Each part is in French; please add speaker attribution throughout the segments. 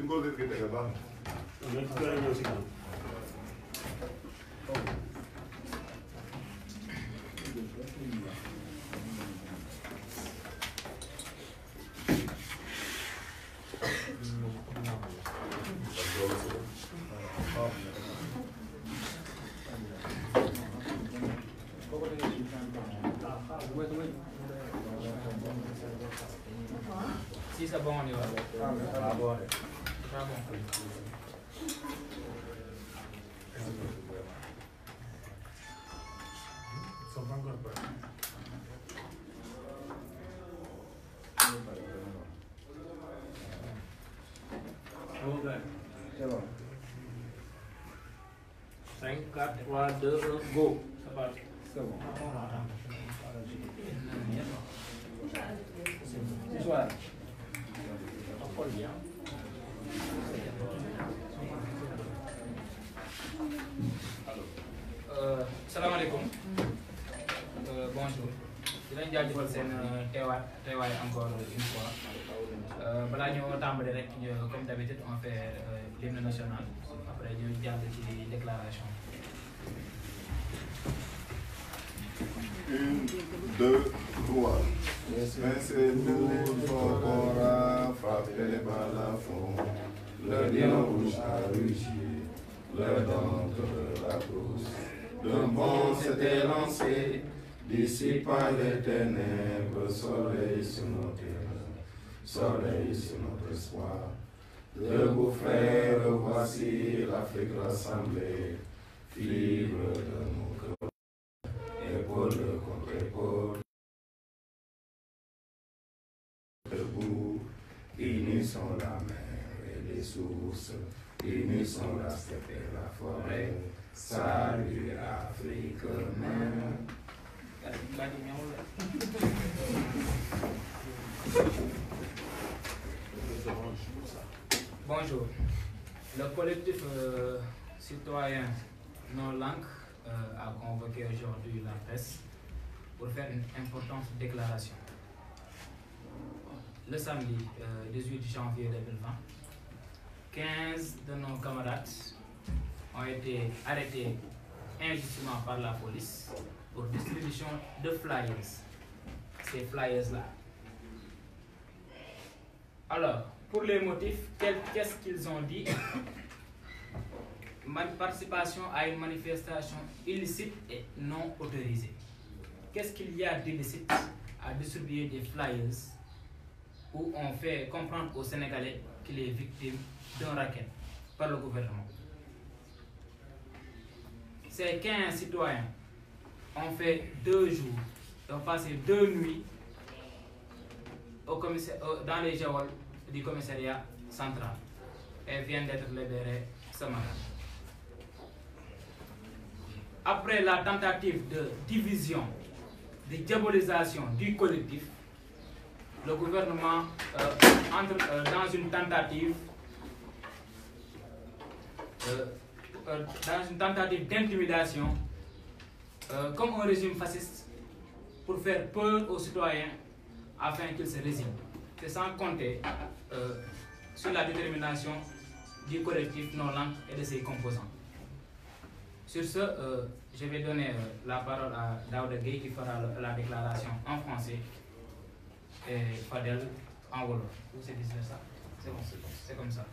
Speaker 1: Tüm que geride kaldı.
Speaker 2: C'est bon. 5, 4, 3, 2, 1, go. Ça part. C'est bon. Bonsoir. salaamaaleykum bonjour dinañ jaajëfal seen teewaay teewaay encore une fois balaa ñoo tàmbali rek comme d'habitude on fait euh, l'hymne national après ñu jàll ci déclaration.
Speaker 1: Une, deux, trois. Laissez-nous encore à frapper par la fond. Le lion rouge a rugi, le dente de la brousse. Le monde s'était lancé, dissipant les ténèbres, soleil sur nos terres soleil sur notre espoir. vos frères, voici l'Afrique rassemblée, fibre de
Speaker 2: nos corps, épaule contre épaule. Debout, unissons la mer et les sources, unissons la steppe et la forêt. Salut Afrique, même. Bonjour. Le collectif euh, citoyen non langue euh, a convoqué aujourd'hui la presse pour faire une importante déclaration. Le samedi 18 euh, janvier 2020, 15 de nos camarades ont été arrêtés injustement par la police pour distribution de flyers. Ces flyers-là alors, pour les motifs, qu'est-ce qu'ils ont dit Participation à une manifestation illicite et non autorisée. Qu'est-ce qu'il y a d'illicite à distribuer des flyers où on fait comprendre aux Sénégalais qu'il est victime d'un racket par le gouvernement C'est 15 citoyen ont fait deux jours, ont passé deux nuits dans les geôles du commissariat central et vient d'être libérée ce matin. Après la tentative de division, de diabolisation du collectif, le gouvernement euh, entre euh, dans une tentative euh, dans une tentative d'intimidation comme un régime fasciste pour faire peur aux citoyens afin qu'il se résigne, C'est sans compter euh, sur la détermination du collectif non-langue et de ses composants. Sur ce, euh, je vais donner euh, la parole à Daouda Gay qui fera la, déclaration en français et Fadel en wolof. Vous c'est ça C'est comme ça.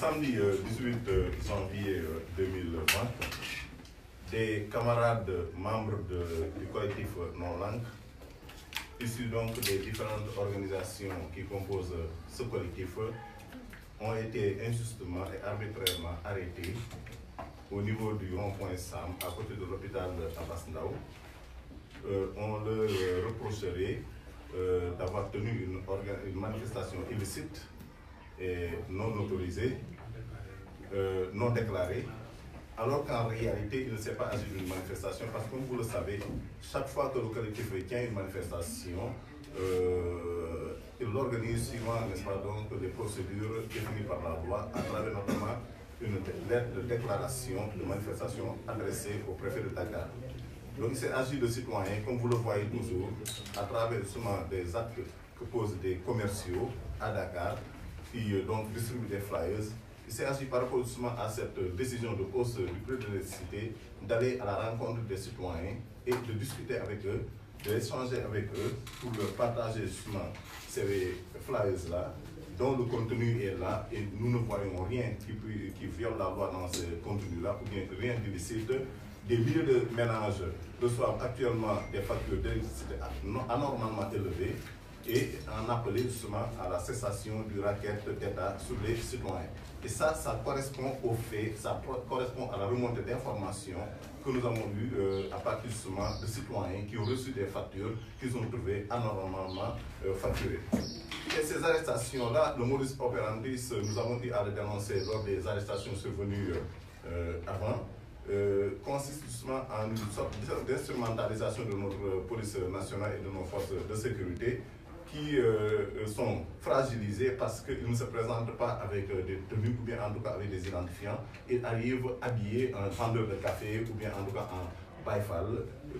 Speaker 1: samedi 18 euh, euh, janvier 2020, euh, des camarades membres du collectif Non-Langue, issus donc des différentes organisations qui composent ce collectif, ont été injustement et arbitrairement arrêtés au niveau du rond-point SAM, à côté de l'hôpital Abbas on leur reprocherait d'avoir tenu une manifestation illicite non autorisé euh, non déclaré alors qu'en réalité, il ne s'est pas agi d'une manifestation, parce que vous le savez, chaque fois que le collectif tient une manifestation, euh, il l'organise suivant, n'est-ce pas, donc, des procédures définies par la loi, à travers notamment une lettre de déclaration de manifestation adressée au préfet de Dakar. Donc, il s'est agi de citoyens, comme vous le voyez toujours, à travers justement des actes que posent des commerciaux à Dakar, qui euh, donc distribue des flyers. C'est ainsi par rapport à cette euh, décision de hausse du prix de l'électricité d'aller à la rencontre des citoyens et de discuter avec eux, d'échanger avec eux pour partager justement ces flyers-là dont le contenu est là et nous ne voyons rien qui, qui viole la loi dans ce contenu-là ou bien rien d'illicite. Des milieux de ménage reçoivent actuellement des factures d'électricité anormalement élevées et en appeler justement à la cessation du racket d'État sur les citoyens. Et ça, ça correspond au fait, ça correspond à la remontée d'informations que nous avons eues euh, à partir justement de citoyens qui ont reçu des factures qu'ils ont trouvées anormalement euh, facturées. Et ces arrestations-là, le modus operandi, nous avons dit à le dénoncer lors des arrestations survenues euh, avant, consiste justement en une sorte d'instrumentalisation de notre police nationale et de nos forces de sécurité qui euh, euh, sont fragilisés parce qu'ils ne se présentent pas avec euh, des tenues ou bien en tout cas avec des identifiants. et arrivent habillés en vendeur de café ou bien en tout cas en baïfal,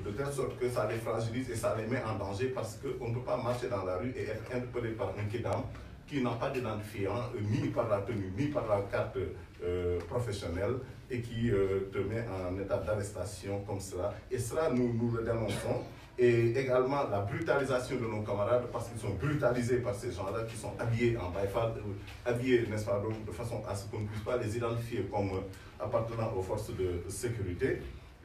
Speaker 1: de telle sorte que ça les fragilise et ça les met en danger parce qu'on ne peut pas marcher dans la rue et être interpellé par un kidam qui n'a pas d'identifiant, ni par la tenue, ni par la carte professionnelle, et qui te met en état d'arrestation comme cela. Et cela, nous, nous le dénonçons et également la brutalisation de nos camarades parce qu'ils sont brutalisés par ces gens-là qui sont habillés en baïfal, euh, habillés, n'est-ce de façon à ce qu'on ne puisse pas les identifier comme euh, appartenant aux forces de sécurité.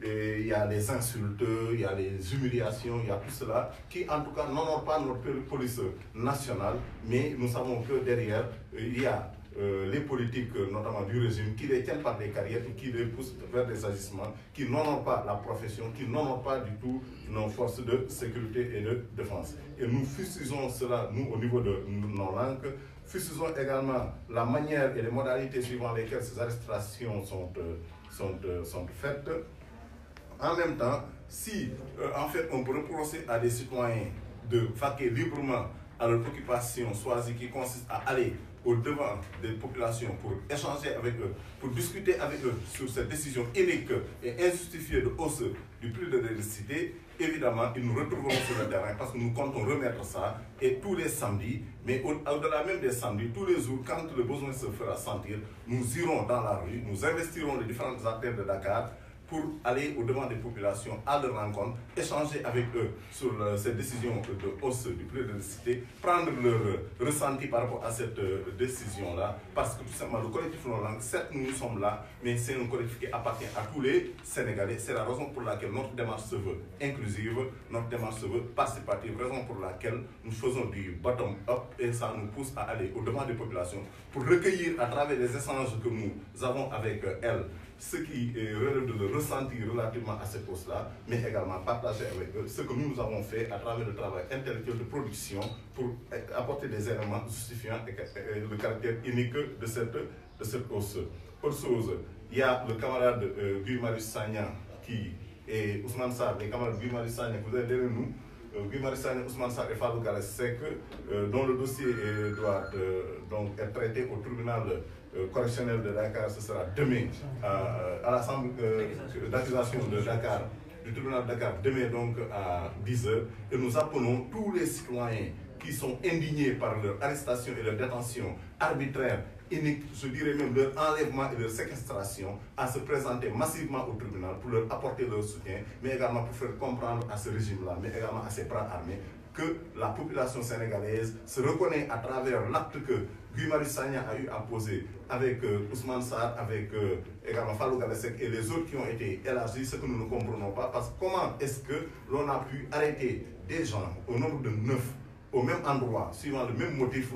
Speaker 1: Et il y a les insultes, il y a les humiliations, il y a tout cela qui, en tout cas, n'honore pas notre police nationale, mais nous savons que derrière, il y a euh, les politiques, euh, notamment du régime, qui les tiennent par des carrières qui les poussent vers des agissements qui n'honorent pas la profession, qui n'honorent pas du tout nos forces de sécurité et de défense. Et nous fustisons cela, nous, au niveau de nos langues, fustisons également la manière et les modalités suivant lesquelles ces arrestations sont, euh, sont, sont faites. En même temps, si, en fait, on peut reprocher à des citoyens de vaquer librement à leur choisie qui consiste à aller au-devant des populations pour échanger avec eux, pour discuter avec eux sur cette décision inique et injustifiée de hausse du prix de l'électricité, évidemment, ils nous retrouveront sur le terrain parce que nous comptons remettre ça et tous les samedis, mais au-delà même des samedis, tous les jours, quand le besoin se fera sentir, nous irons dans la rue, nous investirons les différents acteurs de Dakar pour aller au-devant des populations à leur rencontre, échanger avec eux sur euh, cette décision de hausse du prix de l'électricité, prendre leur euh, ressenti par rapport à cette euh, décision-là, parce que tout simplement le collectif non-langue, certes nous sommes là, mais c'est un collectif qui appartient à tous les Sénégalais. C'est la raison pour laquelle notre démarche se veut inclusive, notre démarche se veut participative, raison pour laquelle nous faisons du bottom-up et ça nous pousse à aller au-devant des populations pour recueillir à travers les échanges que nous avons avec elles ce qui euh, relève de le ressenti relativement à cette postes-là, mais également partager avec eux ce que nous avons fait à travers le travail intellectuel de production pour euh, apporter des éléments justifiant euh, le caractère unique de cette, de cette poste. chose, il y a le camarade Guy marie Sagnan qui est Ousmane Sarr, les camarades Guy marie Sagnan vous avez derrière nous, euh, Ousmane euh, dont le dossier doit euh, donc être traité au tribunal correctionnel de Dakar. Ce sera demain à, à l'assemblée d'accusation de Dakar du tribunal de Dakar demain donc à 10h et nous appelons tous les citoyens qui sont indignés par leur arrestation et leur détention arbitraire unique, je dirais même leur enlèvement et leur séquestration, à se présenter massivement au tribunal pour leur apporter leur soutien, mais également pour faire comprendre à ce régime-là, mais également à ses bras armés, que la population sénégalaise se reconnaît à travers l'acte que Guy Sagna a eu à poser avec euh, Ousmane Sarr, avec euh, également Fallou Galesek et les autres qui ont été élargis, ce que nous ne comprenons pas, parce que comment est-ce que l'on a pu arrêter des gens au nombre de neuf au même endroit, suivant le même motif,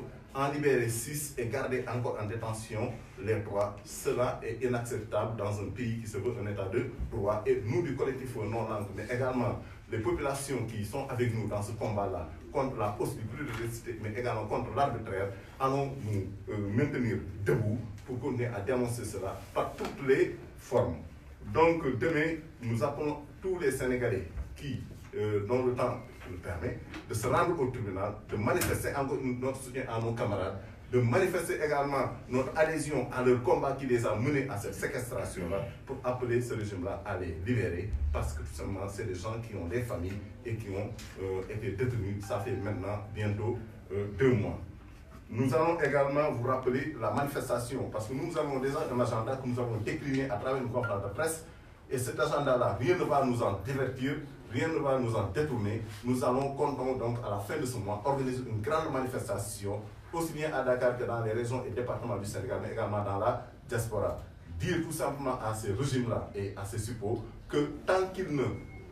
Speaker 1: en libérer 6 et garder encore en détention les droits. Cela est inacceptable dans un pays qui se veut un état de droit. Et nous, du collectif non-langue, mais également les populations qui sont avec nous dans ce combat-là, contre la hausse du prix de l'électricité, mais également contre l'arbitraire, allons nous euh, maintenir debout pour qu'on ait à dénoncer cela par toutes les formes. Donc demain, nous appelons tous les Sénégalais qui, euh, dans le temps, permet de se rendre au tribunal, de manifester encore notre soutien à nos camarades, de manifester également notre adhésion à leur combat qui les a menés à cette séquestration-là pour appeler ce régime-là à les libérer parce que tout simplement, c'est des gens qui ont des familles et qui ont euh, été détenus. Ça fait maintenant bientôt euh, deux mois. Nous allons également vous rappeler la manifestation parce que nous avons déjà un agenda que nous avons décliné à travers une conférence de presse et cet agenda-là, rien ne va nous en divertir rien ne va nous en détourner. Nous allons comptons donc à la fin de ce mois organiser une grande manifestation, aussi bien à Dakar que dans les régions et départements du Sénégal, mais également dans la diaspora. Dire tout simplement à ces régimes-là et à ces suppôts que tant qu'ils ne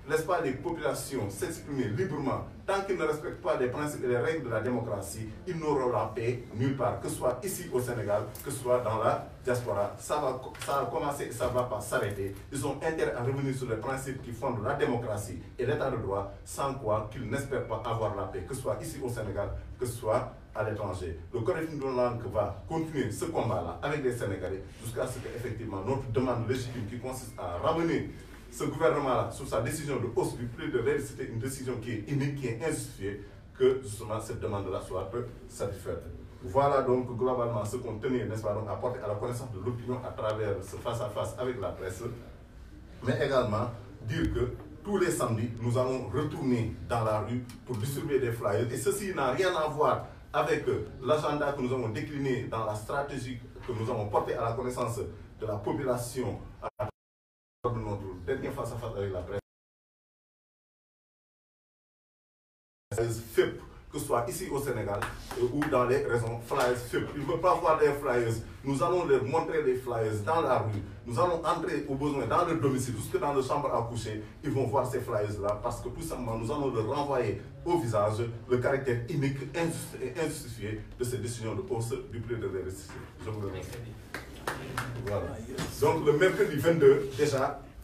Speaker 1: laisse pas les populations s'exprimer librement, tant qu'ils ne respectent pas les principes et les règles de la démocratie, ils n'auront la paix nulle part, que ce soit ici au Sénégal, que ce soit dans la diaspora. Ça va, ça va commencer et ça ne va pas s'arrêter. Ils ont intérêt à revenir sur les principes qui fondent la démocratie et l'état de droit, sans quoi qu'ils n'espèrent pas avoir la paix, que ce soit ici au Sénégal, que ce soit à l'étranger. Le Corée de langue va continuer ce combat-là avec les Sénégalais jusqu'à ce qu'effectivement notre demande légitime qui consiste à ramener ce gouvernement-là, sur sa décision de hausse du prix de l'aide, c'était une décision qui est unique, qui est insuffisante, que justement cette demande-là soit peu satisfaite. Voilà donc globalement ce qu'on tenait, n'est-ce pas, à porter à la connaissance de l'opinion à travers ce face-à-face -face avec la presse, mais également dire que tous les samedis, nous allons retourner dans la rue pour distribuer des flyers. Et ceci n'a rien à voir avec euh, l'agenda que nous avons décliné dans la stratégie que nous avons portée à la connaissance de la population face à face avec la presse. FIP, que ce soit ici au Sénégal ou dans les raisons flyers FIP. Ils ne veulent pas voir des flyers. Nous allons leur montrer les flyers dans la rue. Nous allons entrer au besoin dans le domicile, jusque dans le chambre à coucher. Ils vont voir ces flyers-là parce que tout simplement, nous allons leur renvoyer au visage le caractère unique et injustifié de ces décisions de hausse du prix de l'investissement. Je vous remercie. Voilà. Donc le mercredi 22, déjà,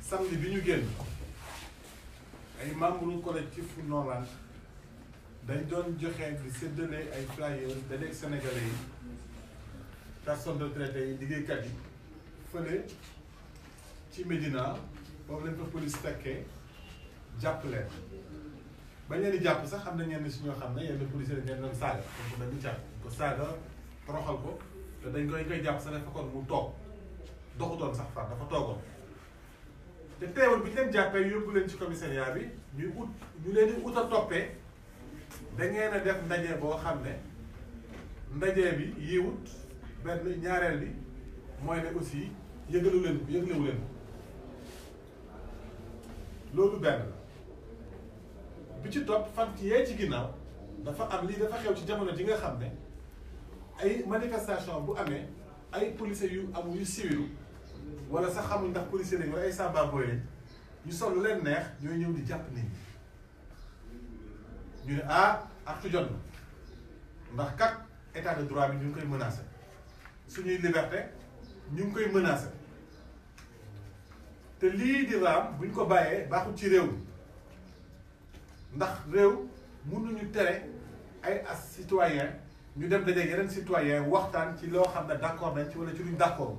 Speaker 3: samedi bi ñu génn ay membres collectif Norlan dañ doon joxe di séddale ay flyers dalee sénégalais yi personnes retraitées yi liggéeykat yi fële ci Médina boobu lañ ko police tekkee jàpp leen bañ leen jàpp sax xam na ñenn su ñoo xam ne yenn policiers dañ leen doon saaga dañ ko dañu jàpp ko saaga toroxal ko te dañ koy koy jàpp sax dafa kon mu toog doxutoon sax far dafa toogoon te teewul bi ñu leen jàppee yóbbu leen ci commissariat bi bi ut ñu di ut a toppee da ngeen a def ndaje boo xam ne ndaje bi yiwut benn ñaareel bi mooy ne aussi yëgalu leen yëglewu leen loolu benn bi ci topp fan yee ci ginnaaw dafa am lii dafa xew ci jamono ji nga xam ne ay manifestation bu amee ay policiers yu am yu siwiru wala sax xamul ndax policier lañ wala ay booy lañ ñu sol leen neex ñooy ñëw di jàpp ah état de droit bi ñu ngi koy menacé suñuy liberté ñu koy menacé te lii di raam bu ñu ko bàyyee baaxul ci réew ndax réew mënuñu tere ay citoyen ñu dem dajeeg yeneen citoyen waxtaan ci loo xam d'accord nañ ci wala ci d'accord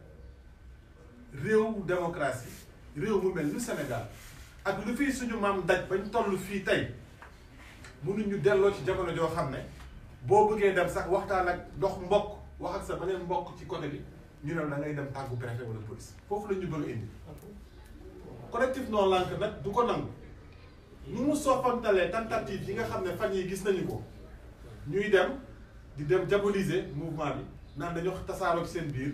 Speaker 3: réew démocratie réew mu mel ni Sénégal ak lu fi suñu maam daj bañ toll fii tey mënuñu delloo ci jamono joo xam ne boo bëggee dem sax waxtaan ak dox mbokk wax ak sa beneen mbokk ci côté bi ñu ngay dem tàggu préfet wala police foofu la ñu bëgg indi. collectif non lank nag du ko nangu nu mu soppantalee tentative yi nga xam ne fan yi gis nañu ko ñuy dem di dem diaboliser mouvement bi naan dañoo tasaaroo ci seen biir.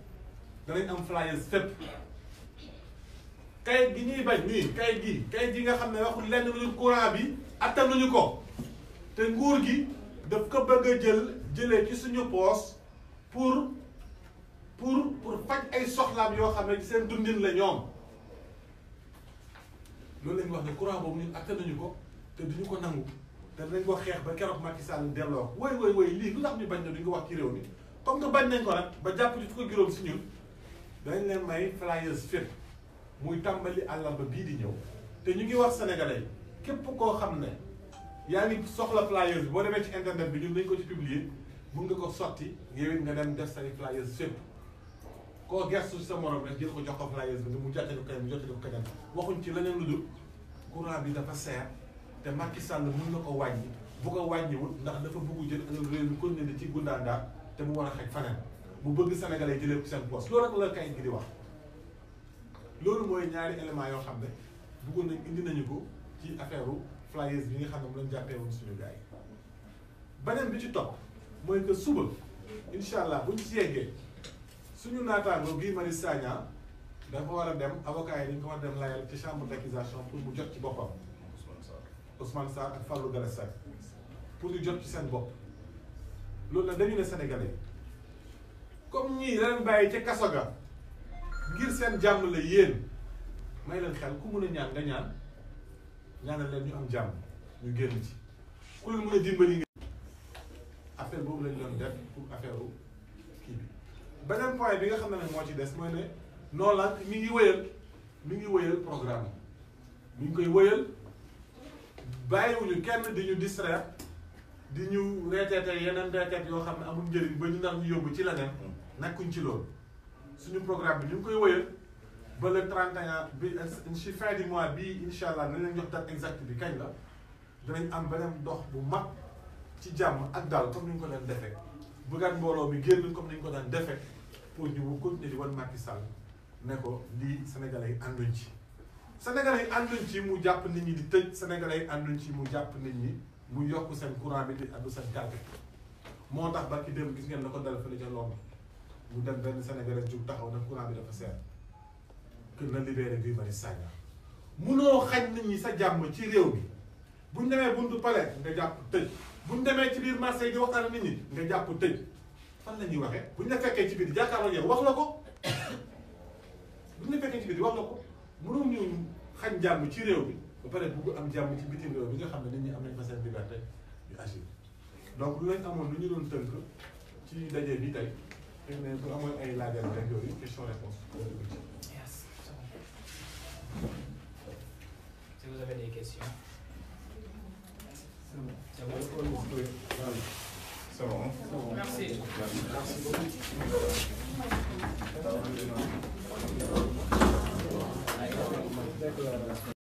Speaker 3: danañ am flyers fépp kay gi ñuy bañ ni kay gi kay gi nga xamne waxul lenn lu courant bi attanuñu ko te nguur gi daf ko bëgg jël jëlé ci suñu poste pour pour pour faj ay soxlaam yo xamne ci seen dundin la ñoom loolu leen wax ni courant boobu ñun attanuñu ko te duñu ko nangu te dinañ ko xex ba kérok Macky Sall delloo way way way li lu tax ñu bañ na duñ ko wax ci réew mi comme que bañ nañ ko nak ba japp ci ko juróom ci ñun dañ leen may flyers fépp muy tàmbali àllarba bii di ñëw te ñu ngi wax sénégalais yi képp koo xam ne yaa ngi soxla flyers bi boo demee ci internet bi ñun dañ ko ci publier mun nga ko sotti yow it nga dem def say flyers fépp koo gerte si sa morom rek jël ko jox ko flyers bi nga mu jottali ko keneen mu jottali ko keneen waxuñ ci leneen lu dul courant bi dafa seer te Macky Sall mun na ko wàññi bu ko wàññiwul ndax dafa bëgg jël réew mi continuer ci gundaandaar te mu war a xej faneen mu bëgg sénégalais jëlee ko seen poche loolu rek la kayit gi di wax loolu mooy ñaari éléments yoo xam ne bëggoon nañ indi nañu ko ci affaire flyers bi nga xam ne mu lañ jàppee woon suñu gars yi beneen bi ci topp mooy que suba incha allah buñ ci yeggee suñu naataango bii Mari Sagna dafa war a dem avocat yi dañ ko war dem layal ci chambre d'accusation pour mu jot ci boppam Ousmane Sarr ak Fallou Galass Seck pour ñu jot ci seen bopp loolu nag dañu ne sénégalais comme ñii da leen bàyyi ca kaso ga ngir seen jàmm la yéen may leen xel ku mun a ñaan nga ñaan ñaanal leen ñu am jàmm ñu génn ci ku leen mun a dimbali nga affaire boobu lañ doon def pour affaire kii bi beneen point bi nga xam ne nag moo ci des mooy ne Noo Lank mi ngi wëyal mi ngi wëyal programme mi ngi koy wëyal bàyyiwuñu kenn di ñu distraire di ñu reeteete yeneen reeteet yoo xam ne amul njëriñ ba ñu nar ñu yóbbu ci leneen nekkuñ ci loolu suñu programme bi ñu ngi koy wëyal ba le 31 bi euh, ci fin du incha allah nañ leen jox date exacte bi kañ la danañ am beneen dox bu mag ci jàmm ak daal comme ni ñu ko daan defee bëggaat mbooloo mi génn comme ni ñu ko daan defee pour ñu bu continuer di wan Macky Sall ne ko lii sénégalais yi ànduñ ci. sénégalais yi ànduñ ci mu jàpp nit ñi di tëj sénégalais yi ànduñ ci mu jàpp nit ñi mu yokk seen courant bi di addu seen gàll moo tax barki dem gis ngeen na ko ñu dem benn Sénégalais jug taxaw na courant bi dafa seer que na libéré Guy Marius Sagna munoo xañ nit ñi sa jàmm ci réew mi buñ demee buntu palais nga jàpp tëj buñ demee ci biir marché yi di waxtaan nit nga jàpp tëj fan la ñuy waxee buñ la fekkee ci biir di jàkkaarloo yow wax la ko buñ la fekkee ci biir di wax la ko mënoo ñu xañ jàmm ci réew bi ba pare bugg am jàmm ci bitim réew bi nga xam ne nit ñi am nañ fa seen liberté ñu agir donc lu lañ amoon lu ñu doon tënk ci daje bi si vous avez des questions. c'est bon. merci. merci beaucoup.